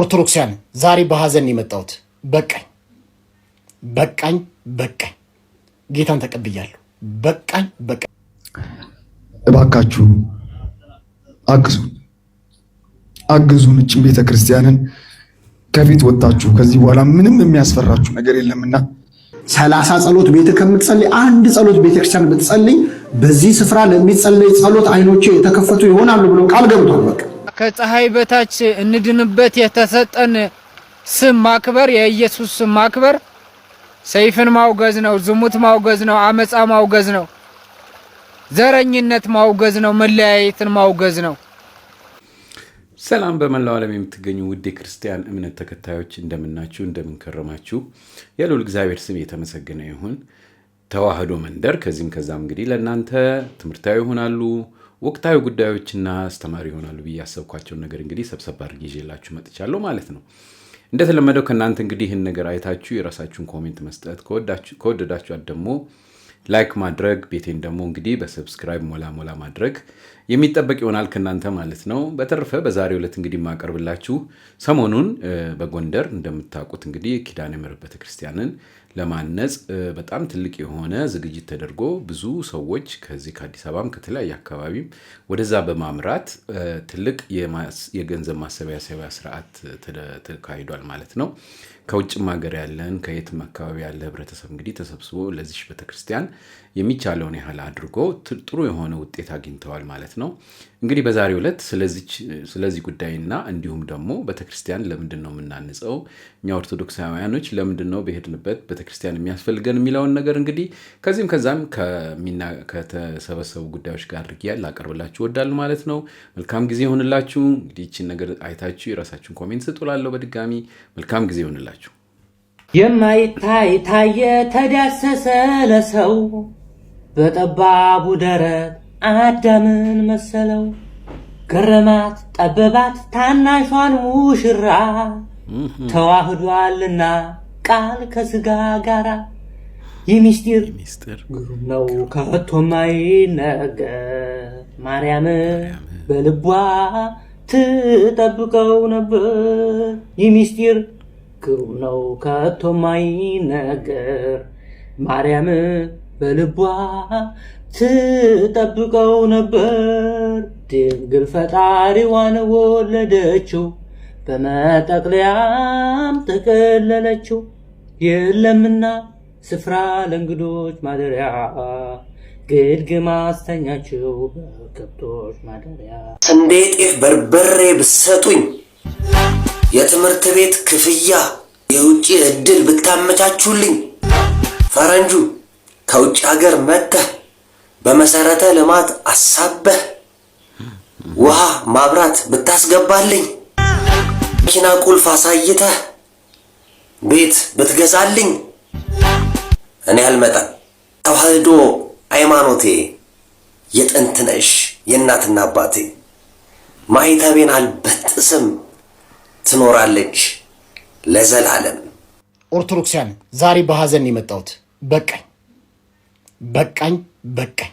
ኦርቶዶክሳውያን ዛሬ በሐዘን የመጣሁት በቃኝ በቃኝ በቃኝ፣ ጌታን ተቀብያለሁ። በቃኝ ጌታን ተቀብያለሁ በቃኝ በቃ እባካችሁ አግዙ አግዙ እችን ቤተ ክርስቲያንን ከፊት ወጣችሁ ከዚህ በኋላ ምንም የሚያስፈራችሁ ነገር የለምና ሰላሳ ጸሎት ቤተ ከምትጸልይ አንድ ጸሎት ቤተክርስቲያን ብትጸልይ በዚህ ስፍራ ለሚጸለይ ጸሎት አይኖቼ የተከፈቱ ይሆናሉ ብሎ ቃል ገብቷል። በቃ ከፀሐይ በታች እንድንበት የተሰጠን ስም ማክበር የኢየሱስ ስም ማክበር ሰይፍን ማውገዝ ነው። ዝሙት ማውገዝ ነው። አመፃ ማውገዝ ነው። ዘረኝነት ማውገዝ ነው። መለያየትን ማውገዝ ነው። ሰላም በመላው ዓለም የምትገኙ ውድ የክርስቲያን እምነት ተከታዮች እንደምናችሁ፣ እንደምንከረማችሁ የልዑል እግዚአብሔር ስም የተመሰገነ ይሁን። ተዋህዶ መንደር ከዚህም ከዛም እንግዲህ ለእናንተ ትምህርታዊ ይሆናሉ ወቅታዊ ጉዳዮችና አስተማሪ ይሆናሉ ብዬ ያሰብኳቸውን ነገር እንግዲህ ሰብሰብ አድርጌ ይዤላችሁ መጥቻለሁ ማለት ነው። እንደተለመደው ከእናንተ እንግዲህ ይህን ነገር አይታችሁ የራሳችሁን ኮሜንት መስጠት ከወደዳችኋት ደግሞ ላይክ ማድረግ ቤቴን ደግሞ እንግዲህ በሰብስክራይብ ሞላ ሞላ ማድረግ የሚጠበቅ ይሆናል ከእናንተ ማለት ነው። በተረፈ በዛሬው ዕለት እንግዲህ የማቀርብላችሁ ሰሞኑን በጎንደር እንደምታውቁት እንግዲህ ኪዳነ ምሕረት ቤተክርስቲያንን ለማነጽ በጣም ትልቅ የሆነ ዝግጅት ተደርጎ ብዙ ሰዎች ከዚህ ከአዲስ አበባም ከተለያየ አካባቢም ወደዛ በማምራት ትልቅ የገንዘብ ማሰባሰቢያ ስርዓት ተካሂዷል ማለት ነው። ከውጭም ሀገር ያለን ከየትም አካባቢ ያለ ህብረተሰብ እንግዲህ ተሰብስቦ ለዚች ቤተክርስቲያን የሚቻለውን ያህል አድርጎ ጥሩ የሆነ ውጤት አግኝተዋል ማለት ነው። እንግዲህ በዛሬው ዕለት ስለዚህ ጉዳይና እንዲሁም ደግሞ ቤተክርስቲያን ለምንድን ነው የምናንጸው፣ እኛ ኦርቶዶክሳውያኖች ለምንድን ነው በሄድንበት ቤተክርስቲያን የሚያስፈልገን የሚለውን ነገር እንግዲህ ከዚህም ከዛም ከተሰበሰቡ ጉዳዮች ጋር አድርጌ ላቀርብላችሁ ወዳሉ ማለት ነው። መልካም ጊዜ ይሆንላችሁ። እንግዲህ ይችን ነገር አይታችሁ የራሳችሁን ኮሜንት ስጡላለሁ። በድጋሚ መልካም ጊዜ ይሆንላችሁ። የማይታይ ታየ ተዳሰሰ ለሰው በጠባቡ ደረት አዳምን መሰለው። ገረማት ጠበባት ታናሿን ሙሽራ ተዋህዷልና ቃል ከስጋ ጋራ የሚስጢር ግሩም ነው ከቶ ማርያም በልቧ ትጠብቀው ነበር የሚስጢር ግሩም ነው ከቶ ማይነገር ማርያም በልቧ ትጠብቀው ነበር። ድንግል ፈጣሪዋን ወለደችው፣ በመጠቅለያም ተቀለለችው። የለምና ስፍራ ለእንግዶች ማደሪያ ግድግ ማስተኛችው በከብቶች ማደሪያ ስንዴ፣ ጤፍ፣ በርበሬ ብሰጡኝ የትምህርት ቤት ክፍያ፣ የውጭ እድል ብታመቻቹልኝ። ፈረንጁ ከውጭ ሀገር መጥተህ በመሰረተ ልማት አሳበህ ውሃ ማብራት ብታስገባልኝ፣ መኪና ቁልፍ አሳይተህ ቤት ብትገዛልኝ፣ እኔ አልመጣም። ተዋህዶ ሃይማኖቴ የጥንት ነሽ የእናትና አባቴ ማይተቤን አልበጥስም። ትኖራለች ለዘላለም። ኦርቶዶክሳውያን ዛሬ በሐዘን የመጣሁት በቃኝ በቃኝ በቃኝ፣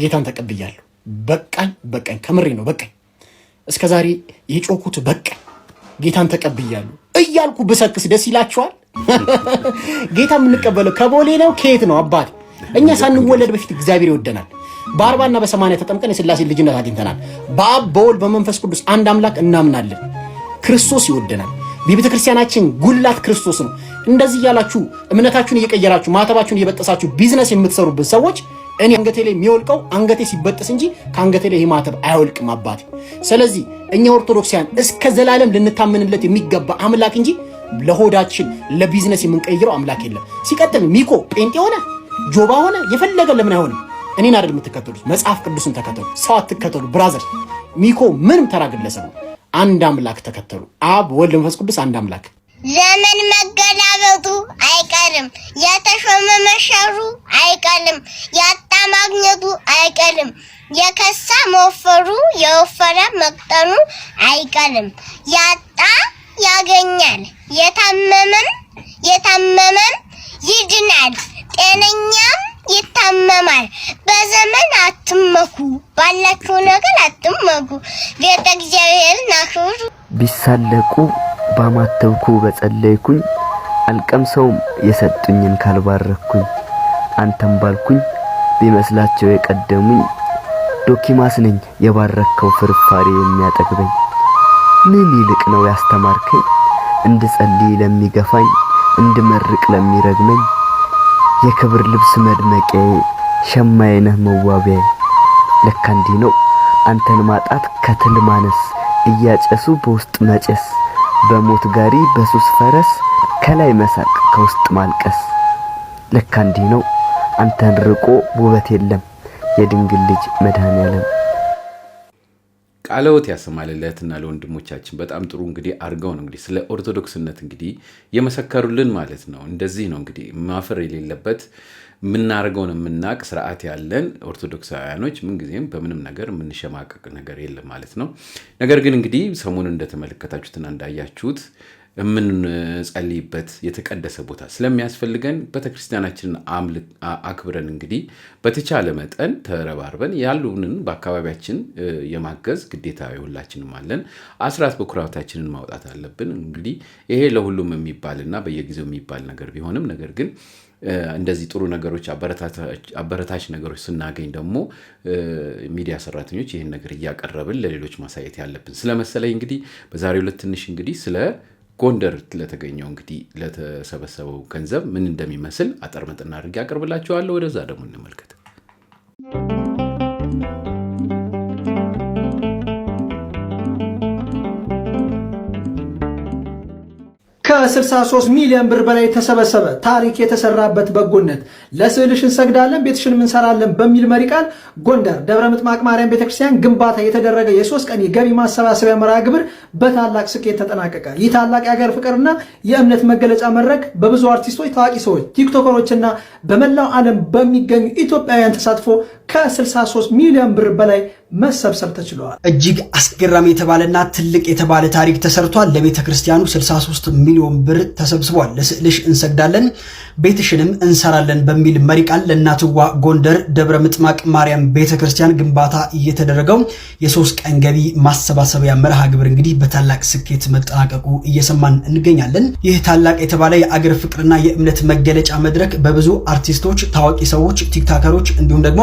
ጌታን ተቀብያለሁ። በቃኝ በቃኝ፣ ከምሬ ነው በቃኝ። እስከ ዛሬ የጮኩት በቃኝ፣ ጌታን ተቀብያለሁ እያልኩ ብሰክስ ደስ ይላችኋል? ጌታ የምንቀበለው ከቦሌ ነው ከየት ነው አባት? እኛ ሳንወለድ በፊት እግዚአብሔር ይወደናል። በአርባና በሰማንያ ተጠምቀን የስላሴ ልጅነት አግኝተናል። በአብ በወልድ በመንፈስ ቅዱስ አንድ አምላክ እናምናለን። ክርስቶስ ይወደናል። የቤተ ክርስቲያናችን ጉላት ክርስቶስ ነው። እንደዚህ እያላችሁ እምነታችሁን እየቀየራችሁ ማተባችሁን እየበጠሳችሁ ቢዝነስ የምትሰሩበት ሰዎች እኔ አንገቴ ላይ የሚወልቀው አንገቴ ሲበጠስ እንጂ ከአንገቴ ላይ ማተብ አይወልቅም አባቴ። ስለዚህ እኛ ኦርቶዶክሳውያን እስከ ዘላለም ልንታመንለት የሚገባ አምላክ እንጂ ለሆዳችን ለቢዝነስ የምንቀይረው አምላክ የለም። ሲቀጥል ሚኮ ጴንጤ ሆነ ጆባ ሆነ የፈለገ ለምን አይሆንም? እኔን አይደል የምትከተሉት? መጽሐፍ ቅዱስን ተከተሉ፣ ሰው አትከተሉ። ብራዘር ሚኮ ምንም ተራ ግለሰብ ነው። አንድ አምላክ ተከተሉ። አብ ወልድ፣ መንፈስ ቅዱስ አንድ አምላክ። ዘመን መገላበጡ አይቀርም፣ የተሾመ መሻሩ አይቀርም፣ ያጣ ማግኘቱ አይቀርም፣ የከሳ መወፈሩ፣ የወፈረ መቅጠኑ አይቀርም። ያጣ ያገኛል፣ የታመመም የታመመም ይድናል፣ ጤነኛም ይታመማል። በዘመን አትመኩ፣ ባላችሁ ነገር አትመኩ፣ ቤተ እግዚአብሔር አክብሩ። ቢሳለቁ ባማተብኩ በጸለይኩኝ አልቀምሰውም የሰጡኝን ካልባረኩኝ አንተም ባልኩኝ ቢመስላቸው የቀደሙኝ ዶኪማስ ነኝ የባረከው ፍርፋሪ የሚያጠግበኝ ምን ይልቅ ነው ያስተማርከኝ እንድጸልይ ለሚገፋኝ እንድመርቅ ለሚረግመኝ የክብር ልብስ መድመቂያዬ ሸማዬ ነህ መዋቢያ ለካ እንዲህ ነው አንተን ማጣት ከትል ማነስ እያጨሱ በውስጥ መጨስ በሞት ጋሪ በሱስ ፈረስ ከላይ መሳቅ ከውስጥ ማልቀስ። ለካ እንዲህ ነው አንተን ርቆ ውበት የለም የድንግል ልጅ መድኃኔ ዓለም ቃለወት ያሰማልለትና ለወንድሞቻችን በጣም ጥሩ እንግዲህ አድርገው ነው እንግዲህ ስለ ኦርቶዶክስነት እንግዲህ የመሰከሩልን ማለት ነው። እንደዚህ ነው እንግዲህ ማፈር የሌለበት የምናደርገውን የምናቅ ስርዓት ያለን ኦርቶዶክሳውያኖች ምንጊዜም በምንም ነገር የምንሸማቀቅ ነገር የለም ማለት ነው። ነገር ግን እንግዲህ ሰሞኑን እንደተመለከታችሁትና እንዳያችሁት የምንጸልይበት የተቀደሰ ቦታ ስለሚያስፈልገን ቤተክርስቲያናችንን አክብረን እንግዲህ በተቻለ መጠን ተረባርበን ያሉንን በአካባቢያችን የማገዝ ግዴታ የሁላችንም አለን። አስራት በኩራታችንን ማውጣት አለብን። እንግዲህ ይሄ ለሁሉም የሚባልና በየጊዜው የሚባል ነገር ቢሆንም ነገር ግን እንደዚህ ጥሩ ነገሮች አበረታች ነገሮች ስናገኝ ደግሞ ሚዲያ ሰራተኞች ይህን ነገር እያቀረብን ለሌሎች ማሳየት ያለብን ስለመሰለኝ እንግዲህ በዛሬው ዕለት ትንሽ እንግዲህ ስለ ጎንደር ለተገኘው እንግዲህ ለተሰበሰበው ገንዘብ ምን እንደሚመስል አጠር መጠን አድርጌ አቅርብላችኋለሁ። ወደዛ ደግሞ እንመልከት። ከ63 ሚሊዮን ብር በላይ የተሰበሰበ ታሪክ የተሰራበት በጎነት ለስዕልሽ እንሰግዳለን ቤትሽንም እንሰራለን በሚል መሪ ቃል ጎንደር ደብረ ምጥማቅ ማርያም ቤተክርስቲያን ግንባታ የተደረገ የሶስት ቀን የገቢ ማሰባሰቢያ መርሃ ግብር በታላቅ ስኬት ተጠናቀቀ። ይህ ታላቅ የሀገር ፍቅርና የእምነት መገለጫ መድረክ በብዙ አርቲስቶች፣ ታዋቂ ሰዎች፣ ቲክቶከሮችና በመላው ዓለም በሚገኙ ኢትዮጵያውያን ተሳትፎ ከ63 ሚሊዮን ብር በላይ መሰብሰብ ተችሏል። እጅግ አስገራሚ የተባለና ትልቅ የተባለ ታሪክ ተሰርቷል። ለቤተ ክርስቲያኑ 63 ሚሊዮን ብር ተሰብስቧል። ለስዕልሽ እንሰግዳለን ቤትሽንም እንሰራለን በሚል መሪ ቃል ለእናትዋ ጎንደር ደብረ ምጥማቅ ማርያም ቤተ ክርስቲያን ግንባታ እየተደረገው የሶስት ቀን ገቢ ማሰባሰቢያ መርሃ ግብር እንግዲህ በታላቅ ስኬት መጠናቀቁ እየሰማን እንገኛለን። ይህ ታላቅ የተባለ የአገር ፍቅርና የእምነት መገለጫ መድረክ በብዙ አርቲስቶች፣ ታዋቂ ሰዎች፣ ቲክታከሮች እንዲሁም ደግሞ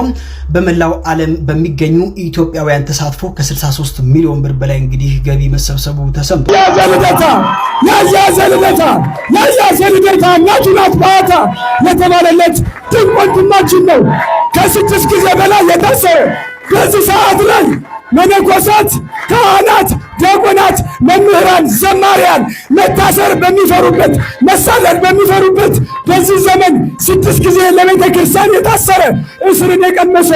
በመላው ዓለም በሚገኙ ኢትዮጵያውያን ተሳትፎ ከ63 ሚሊዮን ብር በላይ እንግዲህ ገቢ መሰብሰቡ ተሰምቷል። ያዘልደታ ያዘልደታ ያዘልደታ እናቱ ናት ባታ የተባለለት ድንቅ ወንድማችን ነው። ከስድስት ጊዜ በላይ የታሰረ በዚህ ሰዓት ላይ መነኮሳት ካህናት ዲያቆናት፣ መምህራን፣ ዘማሪያን መታሰር በሚፈሩበት መሳደር በሚፈሩበት በዚህ ዘመን ስድስት ጊዜ ለቤተ ክርስቲያን የታሰረ እስርን የቀመሰ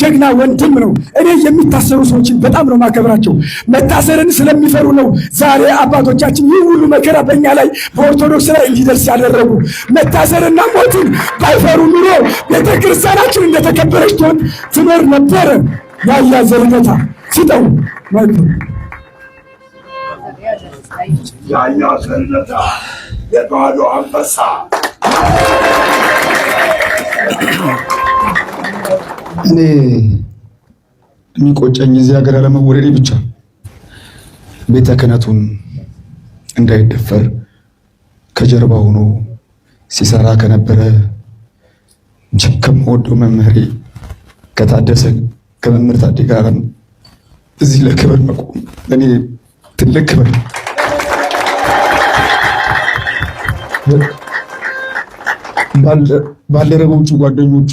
ጀግና ወንድም ነው። እኔ የሚታሰሩ ሰዎችን በጣም ነው ማከብራቸው። መታሰርን ስለሚፈሩ ነው ዛሬ አባቶቻችን ይህ ሁሉ መከራ በእኛ ላይ በኦርቶዶክስ ላይ እንዲደርስ ያደረጉ። መታሰርና ሞትን ባይፈሩ ኑሮ ቤተ ክርስቲያናችን እንደተከበረች ትሆን ትኖር ነበረ። ያያ ዘርነታ ሲጠው የአህያ ሰንነታ የባዶ አንበሳ እኔ የሚቆጨኝ እዚህ ሀገር ያለመወደዴ ብቻ ቤተ ክህነቱን እንዳይደፈር ከጀርባ ሆኖ ሲሰራ ከነበረ እጅግ ከምወደው መምህሬ ከታደሰ ከመምህር ታዴ ጋርም እዚህ ለክብር መቆም ለእኔ ትልቅ ክብር ነው። ባልደረቦቹ፣ ጓደኞቹ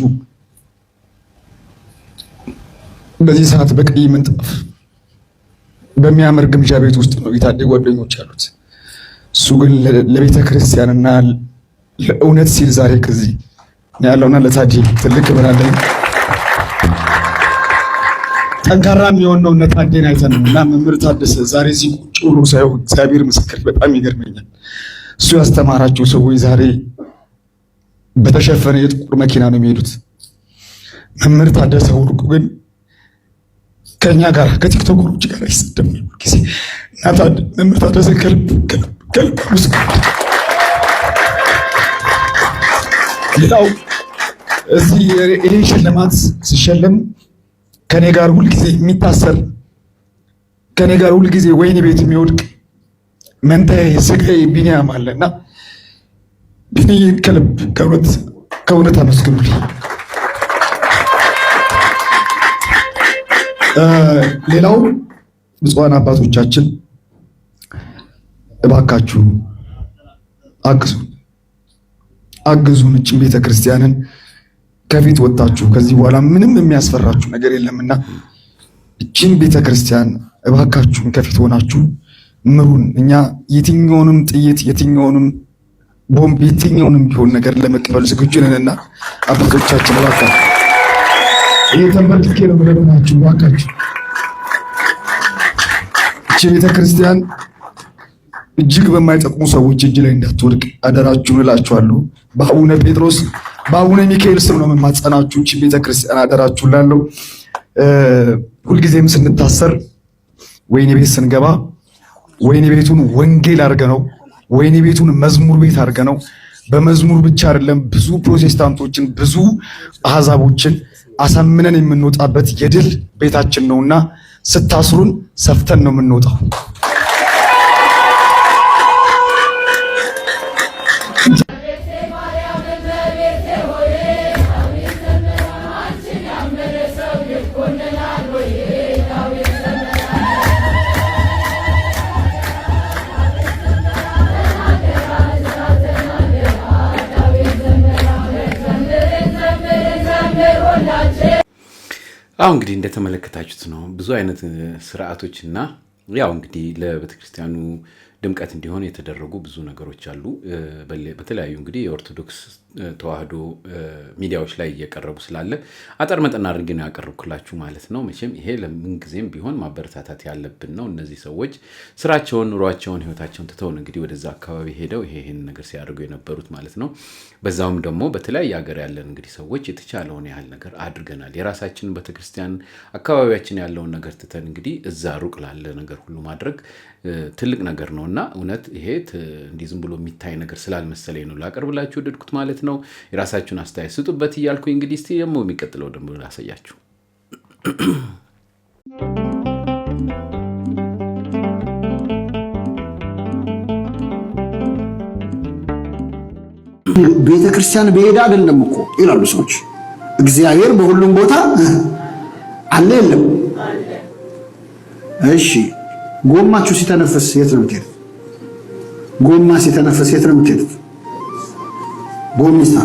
በዚህ ሰዓት በቀይ ምንጣፍ በሚያምር ግምጃ ቤት ውስጥ ነው የታዴ ጓደኞች ያሉት። እሱ ግን ለቤተ ክርስቲያንና ለእውነት ሲል ዛሬ ከዚህ ያለውና ለታዴ ትልቅ ብናለኝ ጠንካራ የሚሆነው እነ ታዴን አይተን እና መምህር ታደሰ ዛሬ እዚህ ቁጭ ብሎ ሳይሆን እግዚአብሔር ምስክር በጣም ይገርመኛል። እሱ ያስተማራቸው ሰዎች ዛሬ በተሸፈነ የጥቁር መኪና ነው የሚሄዱት። መምህር ታደሰ ወርቁ ግን ከእኛ ጋር ከቲክቶከሮች ጋር አይሰደም ጊዜ መምህር ታደሰ ከልብ ሌላው እዚህ ይህን ሽልማት ሲሸለም ከኔ ጋር ሁልጊዜ የሚታሰር ከኔ ጋር ሁልጊዜ ወይን ቤት የሚወድቅ መንታ ስጋዬ ቢኒያም አለና ቢኒን ከልብ ከእውነት ከእውነት አመስግኑልኝ። ሌላው ብፁዓን አባቶቻችን እባካችሁ አግዙ አግዙን እችን ቤተ ክርስቲያንን ከፊት ወጣችሁ ከዚህ በኋላ ምንም የሚያስፈራችሁ ነገር የለምና እችን ቤተ ክርስቲያን እባካችሁን ከፊት ሆናችሁ ምሩን እኛ የትኛውንም ጥይት የትኛውንም ቦምብ የትኛውንም ቢሆን ነገር ለመቀበል ዝግጁ ነንና አባቶቻችን ዋካ እየተንበርክኬ ነው መለመናችሁ። ዋካችሁ እቺ ቤተ ክርስቲያን እጅግ በማይጠቅሙ ሰዎች እጅ ላይ እንዳትወድቅ አደራችሁን እላችኋለሁ። በአቡነ ጴጥሮስ በአቡነ ሚካኤል ስም ነው የምማጸናችሁ። እቺ ቤተ ክርስቲያን አደራችሁን ላለው ሁልጊዜም ስንታሰር ወይን ቤት ስንገባ ወይን ቤቱን ወንጌል አድርገ ነው ወይን ቤቱን መዝሙር ቤት አድርገ ነው። በመዝሙር ብቻ አይደለም ብዙ ፕሮቴስታንቶችን ብዙ አህዛቦችን አሳምነን የምንወጣበት የድል ቤታችን ነውና ስታስሩን ሰፍተን ነው የምንወጣው። አሁ እንግዲህ እንደተመለከታችሁት ነው ብዙ አይነት ስርዓቶች እና ያው እንግዲህ ለቤተክርስቲያኑ ድምቀት እንዲሆን የተደረጉ ብዙ ነገሮች አሉ። በተለያዩ እንግዲህ የኦርቶዶክስ ተዋህዶ ሚዲያዎች ላይ እየቀረቡ ስላለ አጠር መጠን አድርጌ ነው ያቀረብኩላችሁ ማለት ነው። መቼም ይሄ ለምንጊዜም ቢሆን ማበረታታት ያለብን ነው። እነዚህ ሰዎች ስራቸውን፣ ኑሯቸውን፣ ህይወታቸውን ትተውን እንግዲህ ወደዛ አካባቢ ሄደው ይሄን ነገር ሲያደርጉ የነበሩት ማለት ነው። በዛውም ደግሞ በተለያየ ሀገር ያለን እንግዲህ ሰዎች የተቻለውን ያህል ነገር አድርገናል። የራሳችንን ቤተክርስቲያን አካባቢያችን ያለውን ነገር ትተን እንግዲህ እዛ ሩቅ ላለ ነገር ሁሉ ማድረግ ትልቅ ነገር ነው እና እውነት ይሄ እንዲህ ዝም ብሎ የሚታይ ነገር ስላልመሰለኝ ነው ላቀርብላችሁ ወደድኩት ማለት ነው። የራሳችሁን አስተያየት ስጡበት እያልኩ እንግዲህ እስኪ ደግሞ የሚቀጥለው ደግሞ ላሳያችሁ። ቤተ ክርስቲያን በሄደ አይደለም እኮ ይላሉ ሰዎች። እግዚአብሔር በሁሉም ቦታ አለ የለም? እሺ ጎማችሁ ሲተነፍስ የት ነው የምትሄዱት? ጎማ ሲተነፍስ የት ነው የምትሄዱት? ጎሚስታ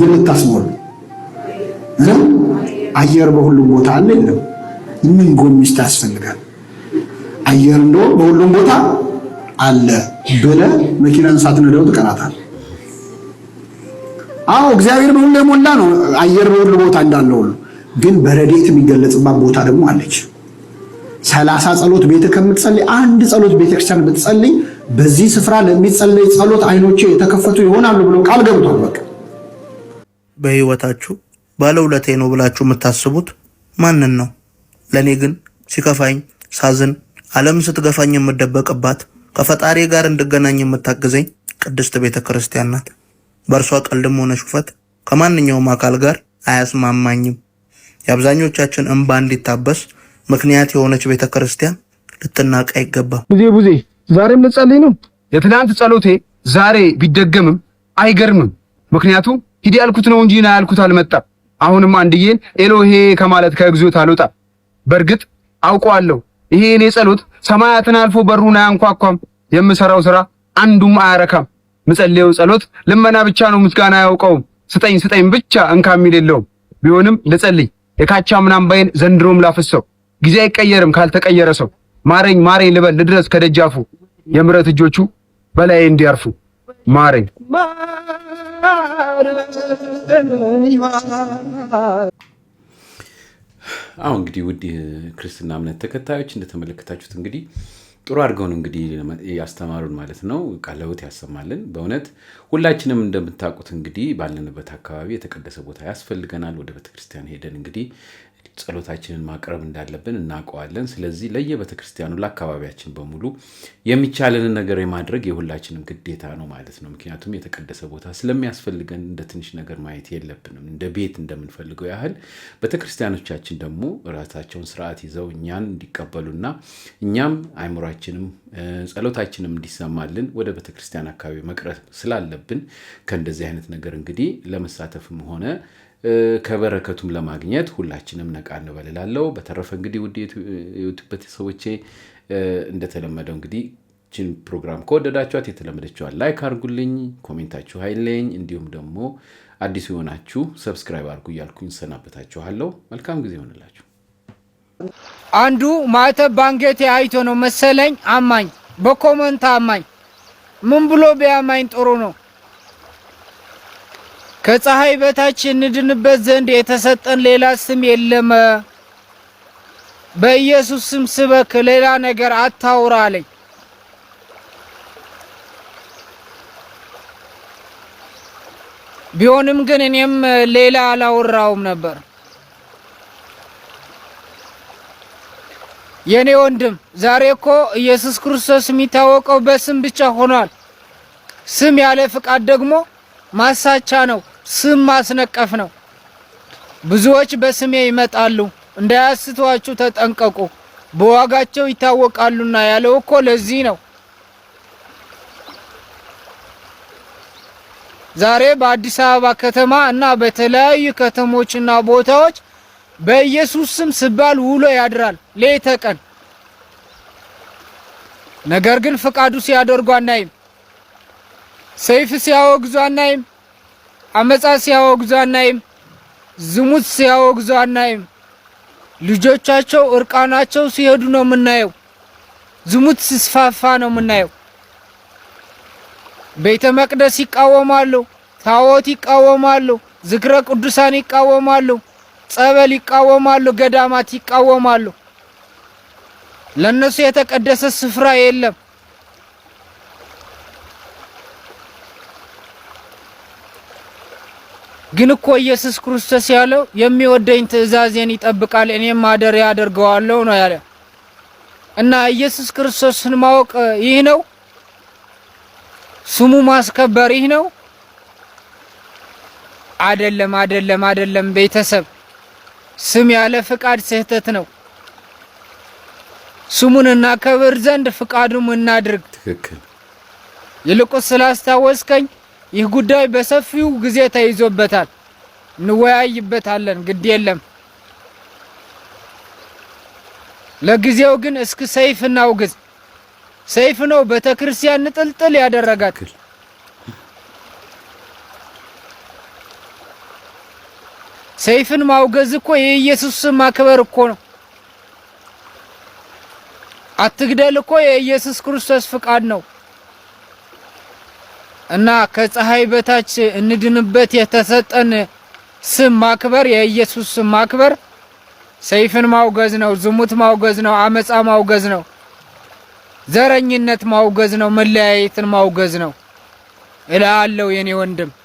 የምታስሞሉ አየር በሁሉም ቦታ አለ የለም? ምን ጎሚስታ ያስፈልጋል? አየር እንደውም በሁሉም ቦታ አለ ብለ መኪና መኪናን ነደው ትቀራታለህ። አዎ እግዚአብሔር በሁሉ የሞላ ነው፣ አየር በሁሉ ቦታ እንዳለ ሁሉ ግን በረዴት የሚገለጽባት ቦታ ደግሞ አለች። ሰላሳ ጸሎት ቤት ከምትጸልይ አንድ ጸሎት ቤተክርስቲያን ብትጸልይ በዚህ ስፍራ ለሚጸለይ ጸሎት አይኖቼ የተከፈቱ ይሆናሉ ብሎ ቃል ገብቷል። በቃ በህይወታችሁ ባለውለቴ ነው ብላችሁ የምታስቡት ማንን ነው? ለእኔ ግን ሲከፋኝ፣ ሳዝን፣ ዓለም ስትገፋኝ የምደበቅባት ከፈጣሪ ጋር እንድገናኝ የምታግዘኝ ቅድስት ቤተ ክርስቲያን ናት። በእርሷ ቀልድም ሆነ ሹፈት ከማንኛውም አካል ጋር አያስማማኝም። የአብዛኞቻችን እንባ እንዲታበስ ምክንያት የሆነች ቤተ ክርስቲያን ልትናቅ አይገባም። ቡዜ ቡዜ ዛሬም ልጸልይ ነው። የትናንት ጸሎቴ ዛሬ ቢደገምም አይገርምም። ምክንያቱም ሂድ ያልኩት ነው እንጂ ና ያልኩት አልመጣም። አሁንም አንድዬን ኤሎሄ ከማለት ከእግዚኦት አልወጣም። በእርግጥ አውቀዋለሁ ይሄ እኔ ጸሎት ሰማያትን አልፎ በሩን አያንኳኳም። የምሰራው ስራ አንዱም አያረካም። ምጸልየው ጸሎት ልመና ብቻ ነው፣ ምስጋና አያውቀውም። ስጠኝ ስጠኝ ብቻ እንካ የሚል የለውም። ቢሆንም ልጸልይ የካቻ ምናምባይን ዘንድሮም ላፍሰው ጊዜ አይቀየርም። ካልተቀየረ ሰው ማረኝ ማረኝ ልበል ልድረስ ከደጃፉ የምረት እጆቹ በላይ እንዲያርፉ ማረኝ። አሁን እንግዲህ ውድ ክርስትና እምነት ተከታዮች እንደተመለከታችሁት እንግዲህ ጥሩ አድርገውን እንግዲህ ያስተማሩን ማለት ነው። ቃለውት ያሰማልን በእውነት ሁላችንም እንደምታውቁት እንግዲህ ባለንበት አካባቢ የተቀደሰ ቦታ ያስፈልገናል። ወደ ቤተክርስቲያን ሄደን እንግዲህ ጸሎታችንን ማቅረብ እንዳለብን እናውቀዋለን። ስለዚህ ለየቤተክርስቲያኑ ለአካባቢያችን በሙሉ የሚቻለንን ነገር የማድረግ የሁላችንም ግዴታ ነው ማለት ነው። ምክንያቱም የተቀደሰ ቦታ ስለሚያስፈልገን እንደ ትንሽ ነገር ማየት የለብንም። እንደ ቤት እንደምንፈልገው ያህል ቤተክርስቲያኖቻችን ደግሞ ራሳቸውን ስርዓት ይዘው እኛን እንዲቀበሉና እኛም አይምሯችንም ጸሎታችንም እንዲሰማልን ወደ ቤተክርስቲያን አካባቢ መቅረብ ስላለብን ከእንደዚህ አይነት ነገር እንግዲህ ለመሳተፍም ሆነ ከበረከቱም ለማግኘት ሁላችንም ነቃ እንበልላለው። በተረፈ እንግዲህ ውድ የዩቲዩብ ሰዎቼ እንደተለመደው እንግዲህ ችን ፕሮግራም ከወደዳችኋት የተለመደችዋን ላይክ አርጉልኝ፣ ኮሜንታችሁ ሀይለኝ፣ እንዲሁም ደግሞ አዲሱ የሆናችሁ ሰብስክራይብ አርጉ እያልኩኝ ሰናበታችኋለሁ። መልካም ጊዜ ይሆንላችሁ። አንዱ ማዕተብ ባንገቴ አይቶ ነው መሰለኝ አማኝ፣ በኮመንት አማኝ ምን ብሎ ቢያማኝ ጥሩ ነው? ከፀሐይ በታች እንድንበት ዘንድ የተሰጠን ሌላ ስም የለም። በኢየሱስ ስም ስበክ፣ ሌላ ነገር አታውራ አለኝ። ቢሆንም ግን እኔም ሌላ አላወራውም ነበር። የኔ ወንድም ዛሬ እኮ ኢየሱስ ክርስቶስ የሚታወቀው በስም ብቻ ሆኗል። ስም ያለ ፍቃድ ደግሞ ማሳቻ ነው፣ ስም ማስነቀፍ ነው። ብዙዎች በስሜ ይመጣሉ እንዳያስቷችሁ ተጠንቀቁ፣ በዋጋቸው ይታወቃሉና ያለው እኮ ለዚህ ነው። ዛሬ በአዲስ አበባ ከተማ እና በተለያዩ ከተሞችና ቦታዎች በኢየሱስ ስም ስባል ውሎ ያድራል ሌት ተቀን። ነገር ግን ፍቃዱ ሲያደርጉ አናይም። ሰይፍ ሲያወግዙ አናይም፣ አመጻ ሲያወግዙ አናይም፣ ዝሙት ሲያወግዙ አናይም። ልጆቻቸው እርቃናቸው ሲሄዱ ነው የምናየው። ዝሙት ሲስፋፋ ነው የምናየው። ቤተ መቅደስ ይቃወማሉ፣ ታቦት ይቃወማሉ፣ ዝክረ ቅዱሳን ይቃወማሉ፣ ጸበል ይቃወማሉ፣ ገዳማት ይቃወማሉ። ለእነሱ የተቀደሰ ስፍራ የለም። ግን እኮ ኢየሱስ ክርስቶስ ያለው የሚወደኝ ትእዛዜን ይጠብቃል እኔም ማደሪያ አደርገዋለሁ ነው ያለ እና ኢየሱስ ክርስቶስን ማወቅ ይህ ነው። ስሙ ማስከበር ይህ ነው። አይደለም፣ አይደለም፣ አይደለም። ቤተሰብ ስም ያለ ፍቃድ ስህተት ነው። ስሙን እናከብር ዘንድ ፍቃዱም እናድርግ። ትክክል። ይልቁ ስላስታወስከኝ ይህ ጉዳይ በሰፊው ጊዜ ተይዞበታል። እንወያይበታለን። ግድ የለም። ለጊዜው ግን እስኪ ሰይፍ እናውግዝ። ሰይፍ ነው ቤተ ክርስቲያን ንጥልጥል ያደረጋት። ሰይፍን ማውገዝ እኮ የኢየሱስ ማክበር እኮ ነው። አትግደል እኮ የኢየሱስ ክርስቶስ ፍቃድ ነው። እና ከፀሐይ በታች እንድንበት የተሰጠን ስም ማክበር የኢየሱስ ስም ማክበር ሰይፍን ማውገዝ ነው። ዝሙት ማውገዝ ነው። አመፃ ማውገዝ ነው። ዘረኝነት ማውገዝ ነው። መለያየትን ማውገዝ ነው አለው የኔ ወንድም።